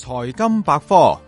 財金百科。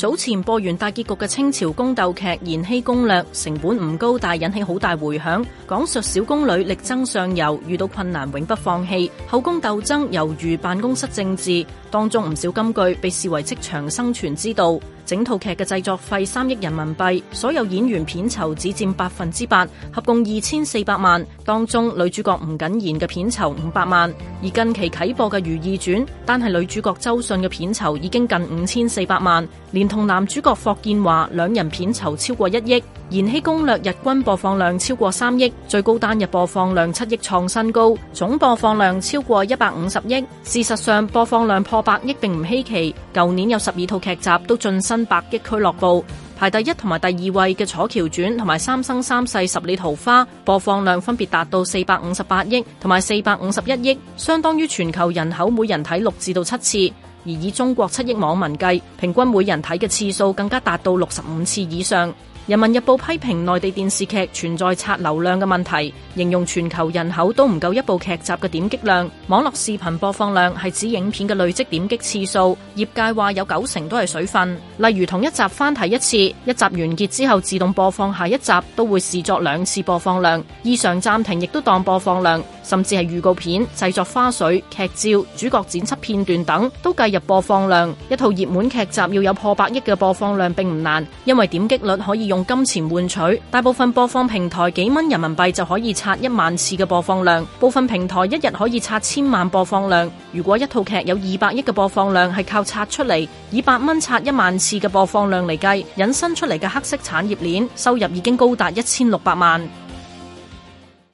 早前播完大結局嘅清朝宮鬥劇《延禧攻略》，成本唔高，但引起好大迴響。講述小宮女力爭上游，遇到困難永不放棄，後宮鬥爭猶如辦公室政治，當中唔少金句被視為職場生存之道。整套劇嘅製作費三億人民幣，所有演員片酬只佔百分之八，合共二千四百萬。當中女主角吳謹言嘅片酬五百萬，而近期啟播嘅《如懿傳》，單係女主角周迅嘅片酬已經近五千四百萬。連同男主角霍建華兩人片酬超過一億，《延禧攻略》日均播放量超過三億，最高單日播放量七億，創新高，總播放量超過一百五十億。事實上，播放量破百億並唔稀奇，舊年有十二套劇集都晉身百億俱樂部。排第一同埋第二位嘅《楚喬傳》同埋《三生三世十里桃花》，播放量分別達到四百五十八億同埋四百五十一億，相當於全球人口每人睇六至到七次。而以中國七億網民計，平均每人睇嘅次數更加達到六十五次以上。《人民日報》批評內地電視劇存在刷流量嘅問題，形容全球人口都唔夠一部劇集嘅點擊量。網絡視頻播放量係指影片嘅累積點擊次數。業界話有九成都係水分，例如同一集翻睇一次，一集完結之後自動播放下一集都會視作兩次播放量。異常暫停亦都當播放量，甚至係預告片、製作花絮、劇照、主角剪輯片段等都計入播放量。一套熱門劇集要有破百億嘅播放量並唔難，因為點擊率可以用。用金錢換取，大部分播放平台幾蚊人民幣就可以刷一萬次嘅播放量，部分平台一日可以刷千萬播放量。如果一套劇有二百億嘅播放量，係靠刷出嚟，以百蚊刷一萬次嘅播放量嚟計，引申出嚟嘅黑色產業鏈收入已經高達一千六百萬。